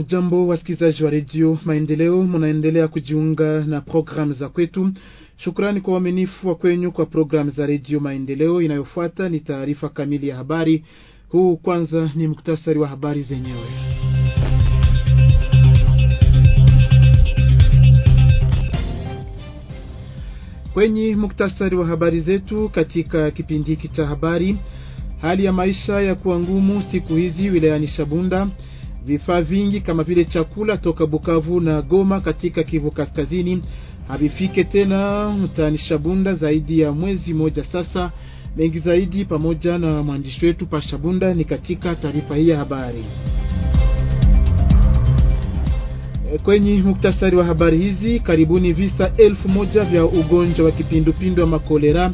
Mjambo wasikilizaji wa redio Maendeleo, mnaendelea kujiunga na programu za kwetu. Shukrani kwa uaminifu wa kwenyu kwa programu za redio Maendeleo. Inayofuata ni taarifa kamili ya habari. Huu kwanza ni muktasari wa habari zenyewe. Kwenye muktasari wa habari zetu katika kipindi hiki cha habari, hali ya maisha ya kuwa ngumu siku hizi wilayani Shabunda Vifaa vingi kama vile chakula toka Bukavu na Goma katika Kivu Kaskazini havifike tena mtaani Shabunda zaidi ya mwezi moja sasa. Mengi zaidi pamoja na mwandishi wetu pa Shabunda ni katika taarifa hii ya habari. Kwenye muktasari wa habari hizi, karibuni visa elfu moja vya ugonjwa wa kipindupindu wa makolera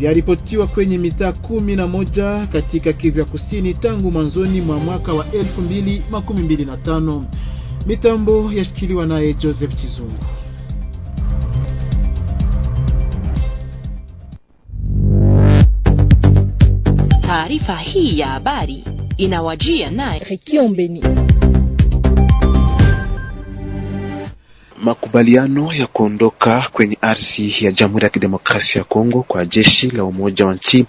vyaripotiwa kwenye mitaa kumi na moja katika Kivya Kusini tangu mwanzoni mwa mwaka wa elfu mbili makumi mbili na tano. Mitambo yashikiliwa naye Joseph Chizungu. Taarifa hii ya habari inawajia naye Rekiombeni. Makubaliano ya kuondoka kwenye ardhi ya Jamhuri ya Kidemokrasia ya Kongo kwa jeshi la umoja wa nchi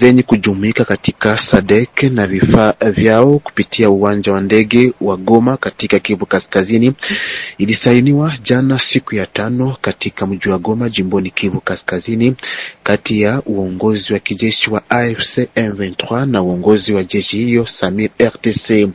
zenye kujumuika katika SADEK na vifaa vyao kupitia uwanja wa ndege wa Goma katika Kivu Kaskazini ilisainiwa jana siku ya tano katika mji wa Goma jimboni Kivu Kaskazini kati ya uongozi wa kijeshi wa AFC M23 na uongozi wa jeshi hiyo Samir RTC.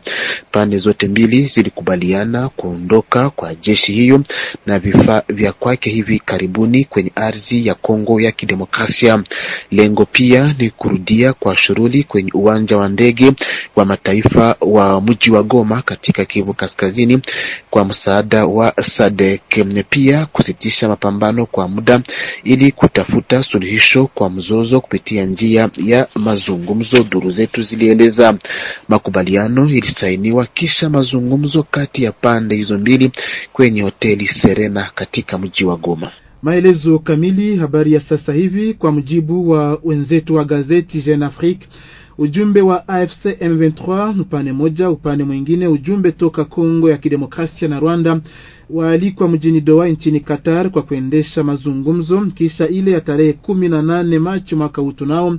Pande zote mbili zilikubaliana kuondoka kwa jeshi hiyo na vifaa vya kwake hivi karibuni kwenye ardhi ya Kongo ya Kidemokrasia. Lengo pia ni kurudia kwa shughuli kwenye uwanja wa ndege wa mataifa wa mji wa Goma katika Kivu Kaskazini kwa msaada wa SADC, pia kusitisha mapambano kwa muda ili kutafuta suluhisho kwa mzozo kupitia njia ya mazungumzo, duru zetu zilieleza. Makubaliano ilisainiwa kisha mazungumzo kati ya pande hizo mbili kwenye hoteli Heli Serena katika mji wa Goma. Maelezo kamili, habari ya sasa hivi, kwa mujibu wa wenzetu wa gazeti Jeune Afrique. Ujumbe wa AFC M23 upande moja, upande mwingine ujumbe toka Kongo ya Kidemokrasia na Rwanda waalikwa mjini Doha nchini Qatar kwa kuendesha mazungumzo kisha ile ya tarehe kumi na nane Machi mwaka tunao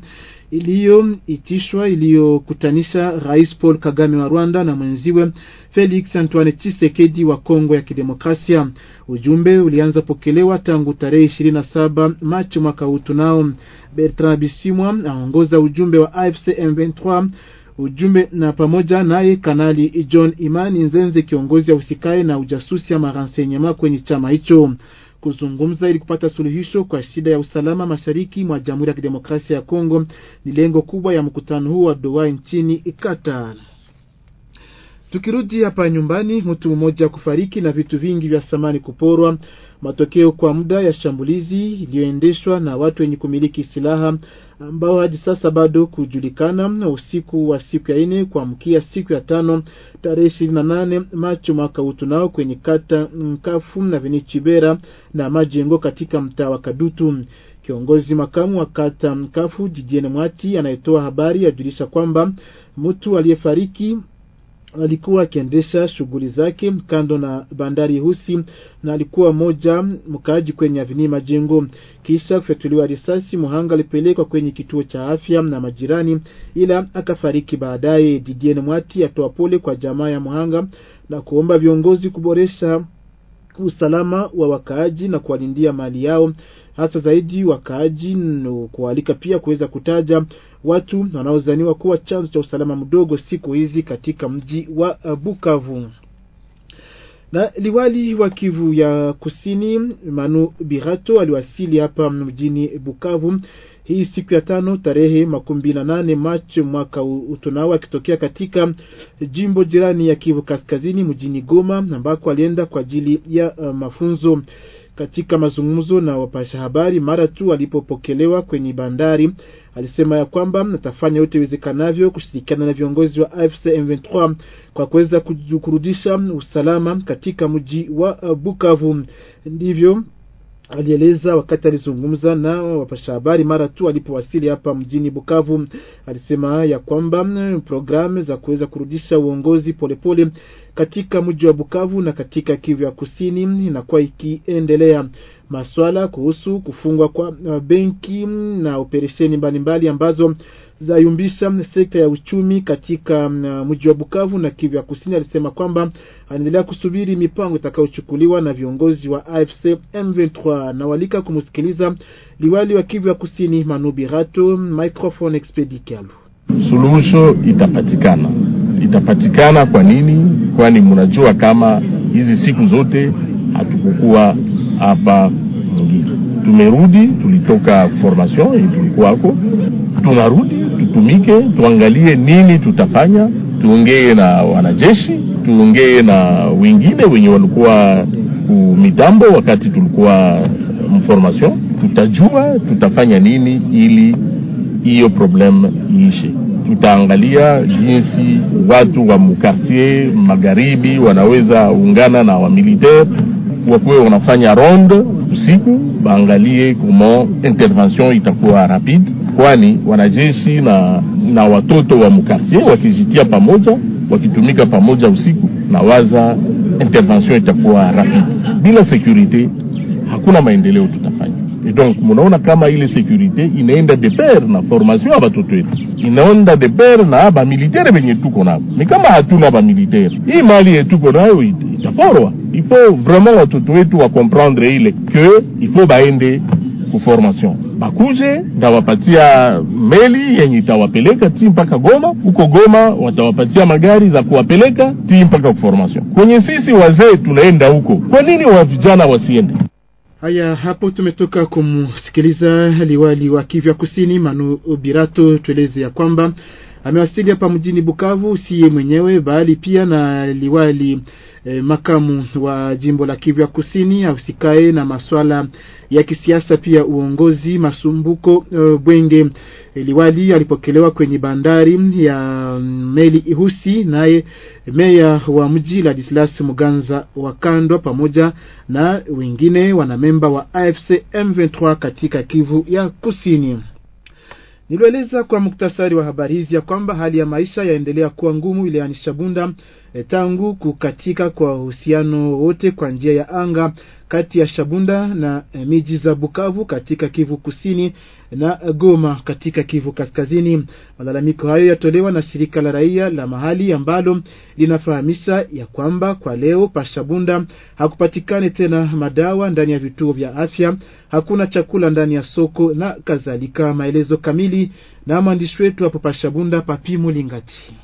iliyoitishwa iliyokutanisha Rais Paul Kagame wa Rwanda na mwenziwe Felix Antoine Tshisekedi wa Kongo ya Kidemokrasia. Ujumbe ulianza pokelewa tangu tarehe 27 Machi mwaka huu. Tunao Bertrand Bisimwa aongoza ujumbe wa AFC M23 ujumbe na pamoja naye Kanali John Imani Nzenze, kiongozi ya usikae na ujasusi ama renseignement kwenye chama hicho kuzungumza ili kupata suluhisho kwa shida ya usalama mashariki mwa Jamhuri ya Kidemokrasia ya Kongo ni lengo kubwa ya mkutano huu wa Doha nchini Qatar. Tukirudi hapa nyumbani, mtu mmoja kufariki na vitu vingi vya samani kuporwa matokeo kwa muda ya shambulizi iliyoendeshwa na watu wenye kumiliki silaha ambao hadi sasa bado kujulikana, usiku wa siku ya nne kuamkia siku ya tano tarehe ishirini na nane Machi mwaka utunao kwenye kata Nkafu na Venichibera na majengo katika mtaa wa Kadutu. Kiongozi makamu wa kata Nkafu Didiene Mwati anayetoa habari ajulisha kwamba mtu aliyefariki alikuwa akiendesha shughuli zake kando na bandari Husi na alikuwa moja mkaaji kwenye avini Majengo. Kisha kufyatuliwa risasi, muhanga alipelekwa kwenye kituo cha afya na majirani, ila akafariki baadaye. Didien Mwati atoa pole kwa jamaa ya muhanga na kuomba viongozi kuboresha usalama wa wakaaji na kuwalindia mali yao, hasa zaidi wakaaji, na kualika pia kuweza kutaja watu wanaozaniwa kuwa chanzo cha usalama mdogo siku hizi katika mji wa Bukavu. Na liwali wa Kivu ya Kusini Manu Birato aliwasili hapa mjini Bukavu hii siku ya tano tarehe makumi na nane Machi mwaka utunao, akitokea katika jimbo jirani ya Kivu Kaskazini mjini Goma ambako alienda kwa ajili ya uh, mafunzo. Katika mazungumzo na wapasha habari mara tu alipopokelewa kwenye bandari, alisema ya kwamba atafanya yote iwezekanavyo kushirikiana na viongozi wa AFC M23 kwa kuweza kurudisha usalama katika mji wa uh, Bukavu. Ndivyo alieleza wakati alizungumza na wapasha habari mara tu alipowasili hapa mjini Bukavu. Alisema ya kwamba mm, programu za kuweza kurudisha uongozi polepole katika mji wa Bukavu na katika Kivu ya Kusini inakuwa ikiendelea. Maswala kuhusu kufungwa kwa uh, benki na operesheni mbalimbali ambazo zayumbisha sekta ya uchumi katika uh, mji wa Bukavu na Kivu ya Kusini, alisema kwamba anaendelea kusubiri mipango itakayochukuliwa na viongozi wa AFC M23. Nawalika kumsikiliza liwali wa Kivu ya Kusini Manubi Rato, microphone expedikalu. Suluhisho itapatikana itapatikana Kwa nini? Kwani mnajua kama hizi siku zote hatukukuwa hapa mwingine tumerudi, tulitoka formation tulikuwako, tunarudi tutumike, tuangalie nini tutafanya, tuongee na wanajeshi, tuongee na wengine wenye walikuwa kumitambo wakati tulikuwa mformation, tutajua tutafanya nini ili hiyo problem iishe tutaangalia jinsi watu wa mkartier magharibi wanaweza ungana na wamilitaire wakuwe wanafanya ronde usiku, baangalie kumo intervention itakuwa rapide, kwani wanajeshi na, na watoto wa mkartier wakijitia pamoja wakitumika pamoja usiku, na waza intervention itakuwa rapide. Bila security hakuna maendeleo tutafanya et donc munaona kama ile security inaenda de pair na formation ya batoto wetu, inaenda de pair na bamilitare venye tuko nao. Ni kama hatuna bamilitare hii mali yetuko nayo itaporwa. faut vraiment watoto wetu wakomprendre ile ke ifo baende kuformation bakuje ndawapatia meli yenye itawapeleka ti mpaka Goma. Huko Goma watawapatia magari za kuwapeleka ti mpaka kuformation. Kwenye sisi wazee tunaenda huko, kwa nini wa vijana wasiende? Haya, hapo tumetoka kumsikiliza liwali wa Kivya Kusini Manu Birato, tueleze ya kwamba amewasili hapa mjini Bukavu siye mwenyewe bali pia na liwali eh, makamu wa jimbo la Kivu ya Kusini ahusikae na masuala ya kisiasa pia uongozi Masumbuko eh, Bwenge. Eh, liwali alipokelewa kwenye bandari ya meli Ihusi, naye meya wa mji Ladislas Muganza wa Kandwa pamoja na wengine wanamemba wa AFC M23 katika Kivu ya Kusini. Nilieleza kwa muktasari wa habari hizi ya kwamba hali ya maisha yaendelea kuwa ngumu wilayani Shabunda Eh, tangu kukatika kwa uhusiano wote kwa njia ya anga kati ya Shabunda na eh, miji za Bukavu katika Kivu Kusini na Goma katika Kivu Kaskazini. Malalamiko hayo yatolewa na shirika la raia la mahali ambalo linafahamisha ya kwamba kwa leo pa Shabunda hakupatikani tena madawa ndani ya vituo vya afya, hakuna chakula ndani ya soko na kadhalika. Maelezo kamili na mwandishi wetu hapo pa Shabunda, Papi Mulingati.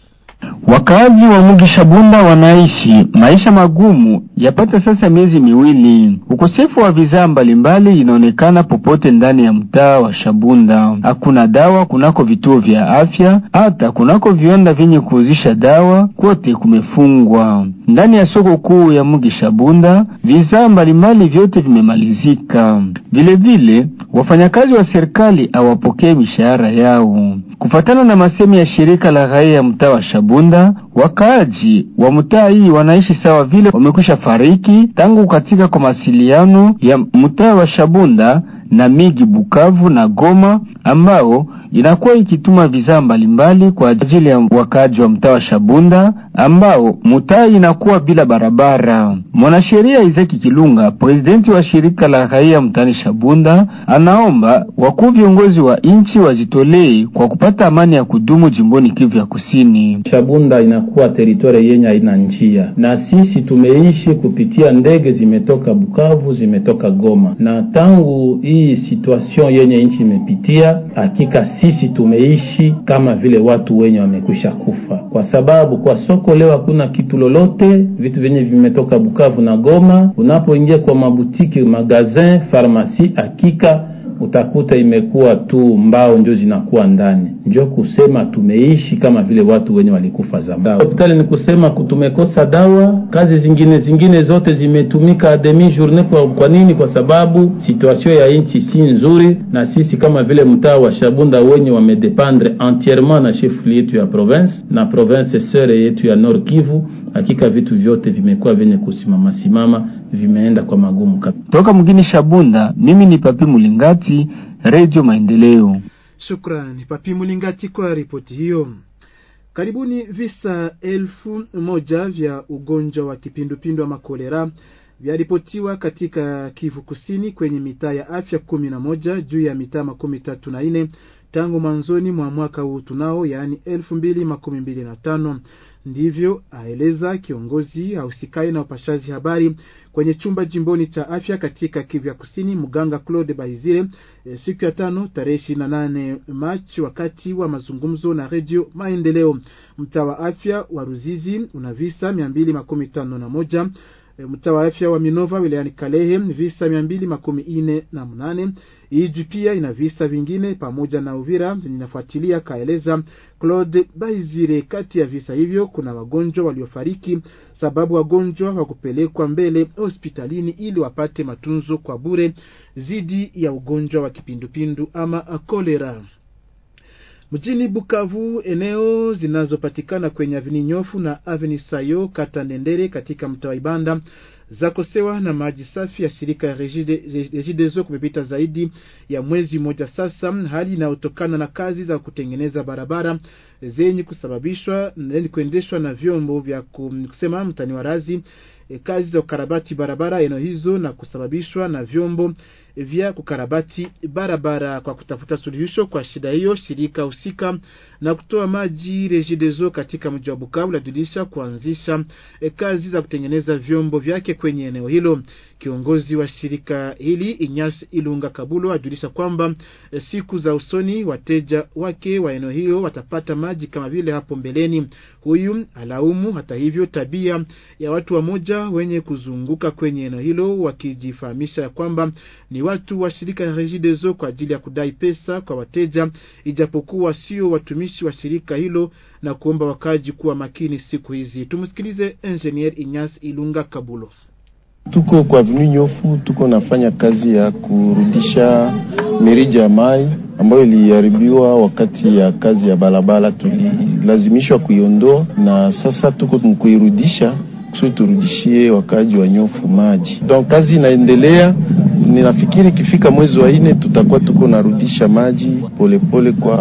Wakazi wa Mugisha Bunda wanaishi maisha magumu yapata sasa miezi miwili. Ukosefu wa vizaa mbalimbali inaonekana popote ndani ya mtaa wa Shabunda. Hakuna dawa kunako vituo vya afya, hata kunako viwanda vyenye kuuzisha dawa, kote kumefungwa. Ndani ya soko kuu ya Mugisha Shabunda vizaa mbalimbali vyote vimemalizika. Vilevile wafanyakazi wa serikali hawapokee mishahara yao. Kufatana na masemi ya shirika la raia ya mtaa wa Shabunda, wakaaji wa mtaa hii wanaishi sawa vile wamekwisha fariki tangu katika kwa masiliano ya mtaa wa Shabunda na miji Bukavu na Goma ambao inakuwa ikituma vizaa mbalimbali kwa ajili ya wakaaji wa mtaa wa Shabunda ambao mtaa inakuwa bila barabara. Mwanasheria Izeki Kilunga, presidenti wa shirika la raia mtaani Shabunda, anaomba wakuu viongozi wa nchi wajitolee kwa kupata amani ya kudumu jimboni Kivu ya Kusini. Shabunda inakuwa teritoria yenye haina njia, na sisi tumeishi kupitia ndege zimetoka Bukavu, zimetoka Goma, na tangu hii situation yenye nchi imepitia hakika sisi tumeishi kama vile watu wenye wamekwisha kufa, kwa sababu kwa soko leo hakuna kitu lolote, vitu vyenye vimetoka Bukavu na Goma. Unapoingia kwa mabutiki, magazin, farmasi, hakika utakuta imekuwa tu mbao ndio zinakuwa ndani, ndio kusema tumeishi kama vile watu wenye walikufa zamani. Hospitali ni kusema tumekosa dawa, kazi zingine zingine zote zimetumika demi journee. Kwa, kwa nini? Kwa sababu situation ya nchi si nzuri, na sisi kama vile mtaa wa Shabunda wenye wamedependre entièrement na chef yetu ya province na province sere yetu ya Nord Kivu Hakika vitu vyote vimekuwa vyenye kusimama simama, vimeenda kwa magumu kabisa. Toka mgini Shabunda, mimi ni Papi Mulingati, Radio Maendeleo. Shukrani Papi Mulingati kwa ripoti hiyo. Karibuni visa elfu moja vya ugonjwa wa kipindupindu ama kolera vyaripotiwa katika Kivu Kusini kwenye mitaa ya afya kumi na moja juu ya mitaa makumi tatu na nne tangu mwanzoni mwa mwaka huu tunao, yaani elfu mbili makumi mbili na tano. Ndivyo aeleza kiongozi ahusikaye na upashaji habari kwenye chumba jimboni cha afya katika Kivya Kusini, mganga Claude Baizire e, siku ya tano tarehe ishirini na nane Machi wakati wa mazungumzo na Redio Maendeleo. Mtaa wa afya wa Ruzizi una visa mia mbili makumi tano na moja Eh, mtaa wa afya wa Minova wilayani Kalehe visa mia mbili makumi ine na mnane. Iji e pia ina visa vingine pamoja na Uvira zenye inafuatilia, kaeleza Claude Baizire. Kati ya visa hivyo kuna wagonjwa waliofariki sababu wagonjwa wa kupelekwa mbele hospitalini ili wapate matunzo kwa bure zidi ya ugonjwa wa kipindupindu ama kolera. Mjini Bukavu, eneo zinazopatikana kwenye aveni nyofu na aveni sayo kata Ndendere katika mtaa Ibanda zakosewa na maji safi ya shirika ya Regideso kumepita zaidi ya mwezi mmoja sasa, hali inayotokana na kazi za kutengeneza barabara zenye kusababishwa zenye kuendeshwa na vyombo vya kusema mtani wa razi e, kazi za kukarabati barabara eneo hizo na kusababishwa na vyombo vya kukarabati barabara. Kwa kutafuta suluhisho kwa shida hiyo, shirika husika na kutoa maji rejidezo katika mji wa Bukavu lajulisha kuanzisha e, kazi za kutengeneza vyombo vyake kwenye eneo hilo. Kiongozi wa shirika hili Inyas Ilunga Kabulo ajulisha kwamba eh, siku za usoni wateja wake wa eneo hilo watapata maji kama vile hapo mbeleni. Huyu alaumu hata hivyo tabia ya watu wamoja wenye kuzunguka kwenye eneo hilo wakijifahamisha ya kwamba ni watu wa shirika la Regideso kwa ajili ya kudai pesa kwa wateja, ijapokuwa sio watumishi wa shirika hilo, na kuomba wakaji kuwa makini siku hizi. Tumsikilize Engineer Inyas Ilunga Kabulo. Tuko kwa Avenue Nyofu, tuko nafanya kazi ya kurudisha mirija ya mai ambayo iliharibiwa wakati ya kazi ya barabara, tulilazimishwa kuiondoa na sasa tuko kuirudisha kusudi turudishie wakaji wa Nyofu maji. Donc kazi inaendelea, ninafikiri ikifika mwezi wa nne tutakuwa tuko narudisha maji polepole pole kwa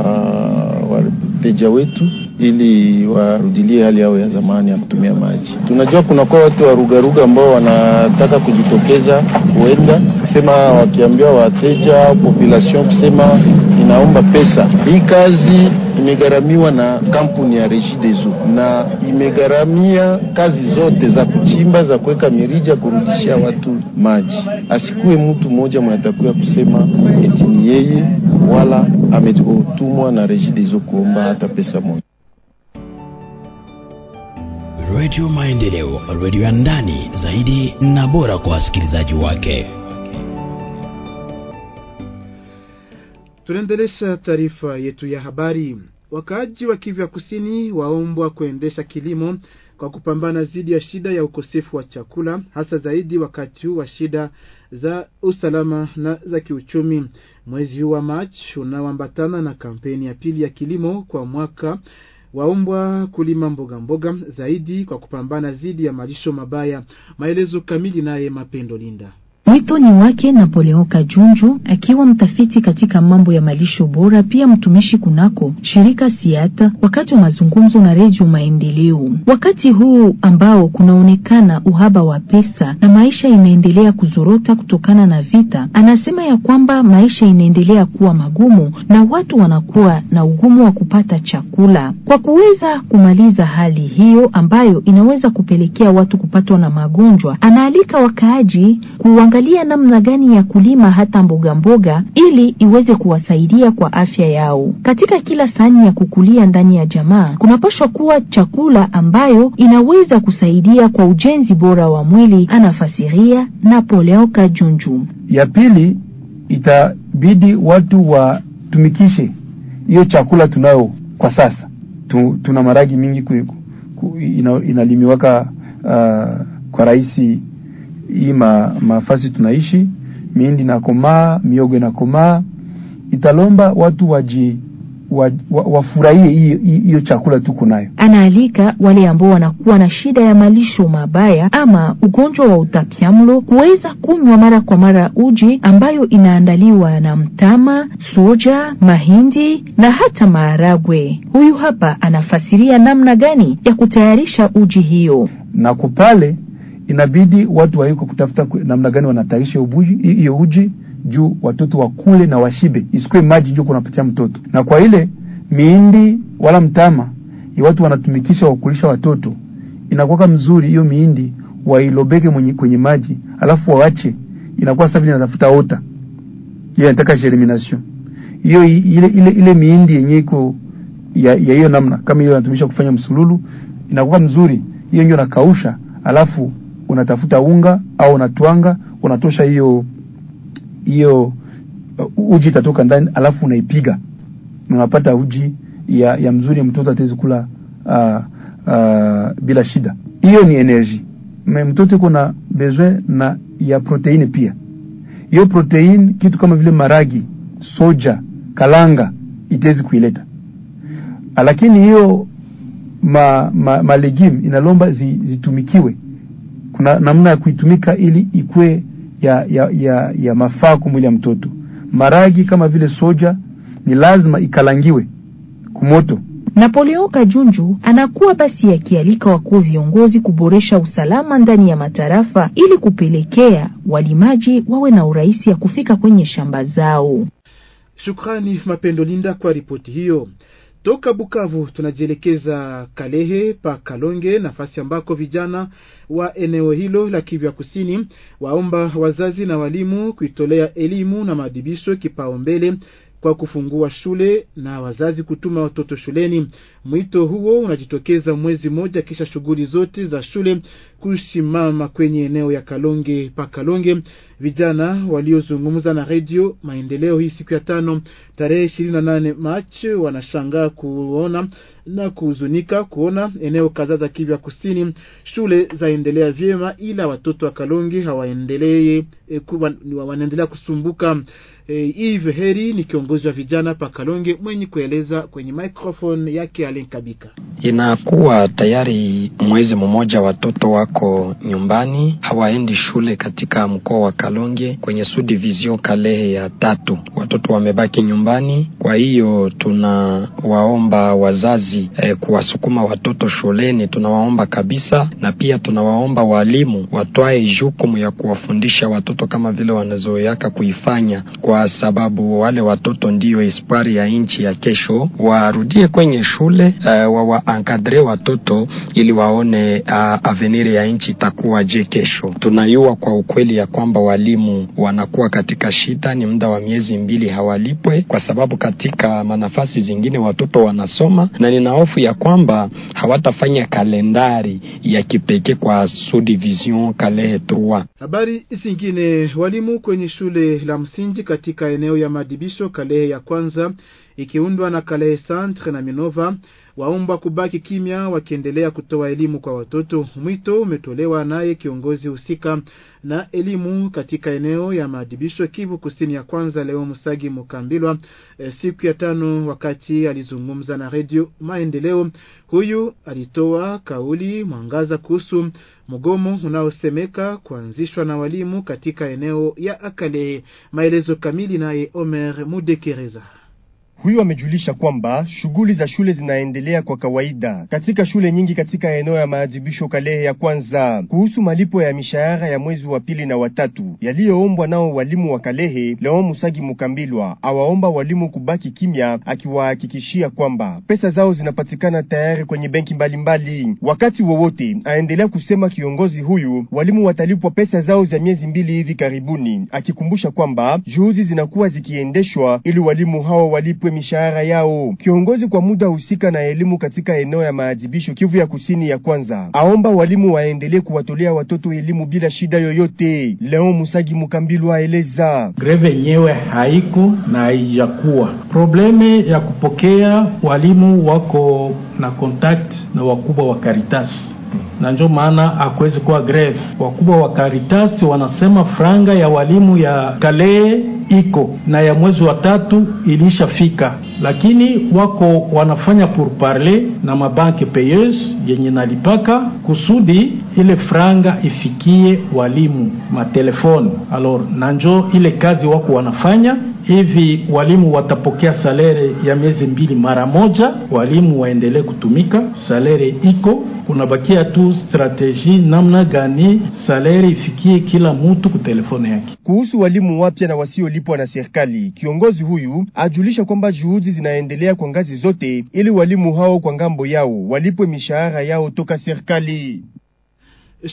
wateja wetu ili warudilie hali yao ya zamani ya kutumia maji. Tunajua kunakuwa watu wa rugaruga ambao wanataka kujitokeza, huenda kusema wakiambiwa wateja au population kusema inaomba pesa. Hii kazi imegharamiwa na kampuni ya Regideso na imegharamia kazi zote za kuchimba, za kuweka mirija, kurudishia watu maji. Asikuwe mtu mmoja mwanatakiwa kusema eti ni yeye wala ametumwa na Regideso kuomba hata pesa moja. Redio Maendeleo, redio ya ndani zaidi na bora kwa wasikilizaji wake. Tunaendelesha taarifa yetu ya habari. Wakaaji wa kivya Kusini waombwa kuendesha kilimo kwa kupambana zidi ya shida ya ukosefu wa chakula, hasa zaidi wakati huu wa shida za usalama na za kiuchumi. Mwezi huu wa Machi unaoambatana na kampeni ya pili ya kilimo kwa mwaka waombwa kulima mboga mboga zaidi kwa kupambana dhidi ya malisho mabaya. Maelezo kamili naye Mapendo Linda ni wake Napoleon Kajunju akiwa mtafiti katika mambo ya malisho bora, pia mtumishi kunako shirika Siata, wakati wa mazungumzo na Redio Maendeleo. Wakati huu ambao kunaonekana uhaba wa pesa na maisha inaendelea kuzorota kutokana na vita, anasema ya kwamba maisha inaendelea kuwa magumu na watu wanakuwa na ugumu wa kupata chakula. Kwa kuweza kumaliza hali hiyo ambayo inaweza kupelekea watu kupatwa na magonjwa, anaalika wakaaji kuwa kuangalia namna gani ya kulima hata mboga mboga ili iweze kuwasaidia kwa afya yao. Katika kila sahani ya kukulia ndani ya jamaa kunapaswa kuwa chakula ambayo inaweza kusaidia kwa ujenzi bora wa mwili, anafasiria Napoleon Kajunju. Ya pili, itabidi watu watumikishe hiyo chakula tunayo kwa sasa tu, tuna maragi mingi ku, ku, ina, inalimiwaka uh, kwa rahisi hii mafasi tunaishi, mihindi nakomaa, miogo inakomaa italomba watu waji wa, wa, hiyo chakula tuko nayo. Anaalika wale ambao wanakuwa na shida ya malisho mabaya ama ugonjwa wa utapiamlo kuweza kunywa mara kwa mara uji ambayo inaandaliwa na mtama, soja, mahindi na hata maharagwe. Huyu hapa anafasiria namna gani ya kutayarisha uji hiyo, na kupale inabidi watu waiko kutafuta namna gani wanataisha hiyo uji juu watoto wakule na washibe, isikuwe maji juu kunapatia mtoto. Na kwa ile miindi wala mtama watu wanatumikisha wakulisha watoto, inakuwa mzuri hiyo miindi wailobeke mwenye, kwenye maji alafu waache, inakuwa safi, inatafuta ota hiyo, inataka germination hiyo, ile, ile, ile miindi yenye iko ya hiyo namna kama hiyo inatumisha kufanya msululu, inakuwa mzuri hiyo, ndio nakausha alafu unatafuta unga au unatwanga unatosha hiyo hiyo uh, uji itatoka ndani, alafu unaipiga unapata uji ya, ya mzuri, mtoto atawezi kula uh, uh, bila shida. Hiyo ni energy. Mtoto iko na besoin na ya proteini pia. Hiyo proteine kitu kama vile maragi, soja, kalanga itawezi kuileta, lakini hiyo ma, ma, ma legume inalomba zitumikiwe zi na namna ya kuitumika ili ikue ya, ya, ya, ya mafaa kwa mwili ya mtoto. Maragi kama vile soja ni lazima ikalangiwe kumoto. Napoleon Kajunju anakuwa basi akialika wakuu viongozi kuboresha usalama ndani ya matarafa ili kupelekea walimaji wawe na urahisi ya kufika kwenye shamba zao. Shukrani Mapendo Linda kwa ripoti hiyo. Toka Bukavu tunajielekeza Kalehe pa Kalonge, nafasi ambako vijana wa eneo hilo la Kivu Kusini waomba wazazi na walimu kuitolea elimu na maadibisho kipaumbele kwa kufungua shule na wazazi kutuma watoto shuleni. Mwito huo unajitokeza mwezi mmoja kisha shughuli zote za shule kusimama kwenye eneo ya Kalonge pa Kalonge. Vijana waliozungumza na redio Maendeleo hii siku ya tano tarehe ishirini na nane Machi wanashangaa kuona na kuhuzunika kuona eneo kadhaa za Kivu Kusini shule zaendelea vyema, ila watoto wa Kalonge hawaendelee eh, wanaendelea kusumbuka Eve eh, Heri ni kiongozi wa vijana pa Kalonge mwenye kueleza kwenye microphone yake alinkabika. Inakuwa tayari mwezi mmoja, watoto wako nyumbani hawaendi shule katika mkoa wa Kalonge kwenye sudivizio Kalehe ya tatu, watoto wamebaki nyumbani. Kwa hiyo tunawaomba wazazi eh, kuwasukuma watoto shuleni, tunawaomba kabisa, na pia tunawaomba walimu watwae jukumu ya kuwafundisha watoto kama vile wanazoeaka kuifanya kwa kwa sababu wale watoto ndiyo espoir ya nchi ya kesho. Warudie kwenye shule uh, eh, wawaankadre watoto ili waone uh, avenir ya nchi itakuwa je kesho. Tunayua kwa ukweli ya kwamba walimu wanakuwa katika shida, ni muda wa miezi mbili hawalipwe, kwa sababu katika manafasi zingine watoto wanasoma, na nina hofu ya kwamba hawatafanya kalendari ya kipekee kwa subdivision kale 3. Habari isingine walimu kwenye shule la msingi katika eneo ya maadibisho Kalehe ya kwanza ikiundwa na Kalehe Centre na Minova waomba kubaki kimya wakiendelea kutoa elimu kwa watoto. Mwito umetolewa naye kiongozi husika na elimu katika eneo ya maadibisho Kivu Kusini ya kwanza leo Musagi Mukambilwa e, siku ya tano, wakati alizungumza na redio Maendeleo, huyu alitoa kauli mwangaza kuhusu mgomo unaosemeka kuanzishwa na walimu katika eneo ya akale Maelezo kamili naye Omer Mudekereza. Huyo amejulisha kwamba shughuli za shule zinaendelea kwa kawaida katika shule nyingi katika eneo ya maadhibisho Kalehe ya kwanza. Kuhusu malipo ya mishahara ya mwezi wa pili na watatu yaliyoombwa nao walimu wa Kalehe, Leo Musagi Mukambilwa awaomba walimu kubaki kimya, akiwahakikishia kwamba pesa zao zinapatikana tayari kwenye benki mbalimbali wakati wowote. Aendelea kusema kiongozi huyu, walimu watalipwa pesa zao za miezi mbili hivi karibuni, akikumbusha kwamba juhudi zinakuwa zikiendeshwa ili walimu hao walipwe mishahara yao. Kiongozi kwa muda husika na elimu katika eneo ya maadhibisho Kivu ya kusini ya kwanza aomba walimu waendelee kuwatolea watoto elimu bila shida yoyote. Leon Musagi Mukambilu aeleza greve yenyewe haiko na haijakuwa probleme ya kupokea walimu wako na kontakt na wakubwa wa Caritas na ndio maana hakuwezi kuwa greve. Wakubwa wa Caritas wanasema franga ya walimu ya kalee iko na ya mwezi wa tatu ilishafika, lakini wako wanafanya pour parler na mabanke payeuse yenye nalipaka kusudi ile franga ifikie walimu matelefoni. Alors nanjo ile kazi wako wanafanya hivi walimu watapokea salere ya miezi mbili mara moja, walimu waendelee kutumika, salere iko kunabakia tu strateji namna gani salari ifikie kila mtu kutelefone yake. Kuhusu walimu wapya na wasiolipwa na serikali, kiongozi huyu ajulisha kwamba juhudi zinaendelea kwa ngazi zote ili walimu hao kwa ngambo yao walipwe mishahara yao toka serikali.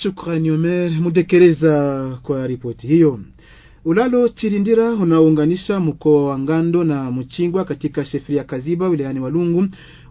Shukrani Omer Mudekereza kwa ripoti hiyo. Ulalo Chirindira unaounganisha mkoa wa Ngando na Mchingwa katika shefri ya Kaziba wilayani Walungu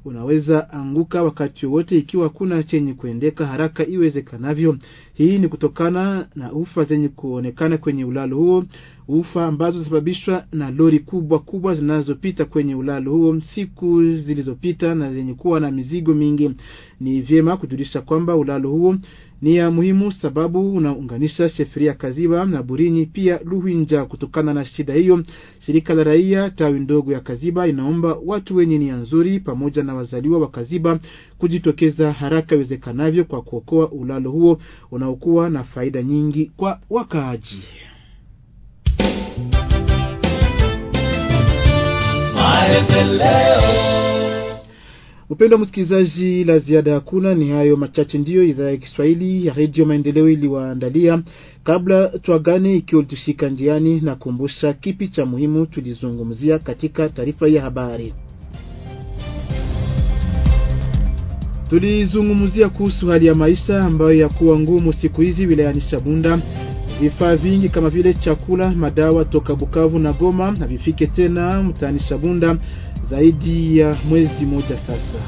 unaweza anguka wakati wowote ikiwa kuna chenye kuendeka haraka iwezekanavyo. Hii ni kutokana na ufa zenye kuonekana kwenye ulalo huo, ufa ambazo zinasababishwa na lori kubwa kubwa zinazopita kwenye ulalo huo siku zilizopita na zenye kuwa na mizigo mingi. Ni vyema kujulisha kwamba ulalo huo ni ya muhimu sababu unaunganisha Sheferia Kaziba na Burinyi pia Luhinja. Kutokana na shida hiyo, shirika la raia tawi ndogo ya Kaziba inaomba watu wenye nia nzuri pamoja na wazaliwa wa Kaziba kujitokeza haraka iwezekanavyo kwa kuokoa ulalo huo unaokuwa na faida nyingi kwa wakaaji. Upendo wa msikilizaji, la ziada hakuna. Ni hayo machache ndiyo idhaa ya Kiswahili ya Redio Maendeleo iliwaandalia. Kabla twagane, ikiwa ulitushika njiani, na kumbusha kipi cha muhimu tulizungumzia katika taarifa ya habari. Tulizungumzia kuhusu hali ya maisha ambayo yakuwa ngumu siku hizi wilayani Shabunda. Vifaa vingi kama vile chakula, madawa toka Bukavu na Goma havifike tena mtaani Shabunda zaidi ya mwezi moja sasa.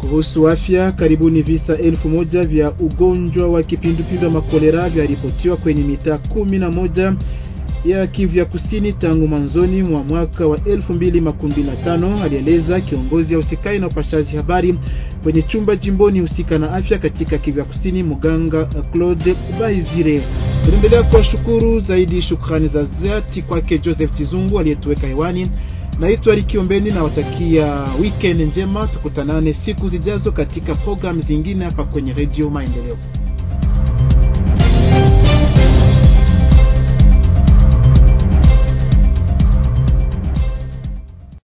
Kuhusu afya, karibuni visa elfu moja vya ugonjwa wa kipindupindu wa makolera vyaripotiwa kwenye mitaa kumi na moja ya Kivu ya Kusini tangu mwanzoni mwa mwaka wa 2015, alieleza kiongozi ya usikai na upashaji habari kwenye chumba jimboni husika na afya katika Kivu ya Kusini, muganga Claude Baizire. Tunaendelea kuwashukuru zaidi, shukrani za dhati kwake Joseph Tizungu aliyetuweka hewani. Naitwa rikiombeni na watakia weekend njema, tukutanane siku zijazo katika programu zingine hapa kwenye Redio Maendeleo.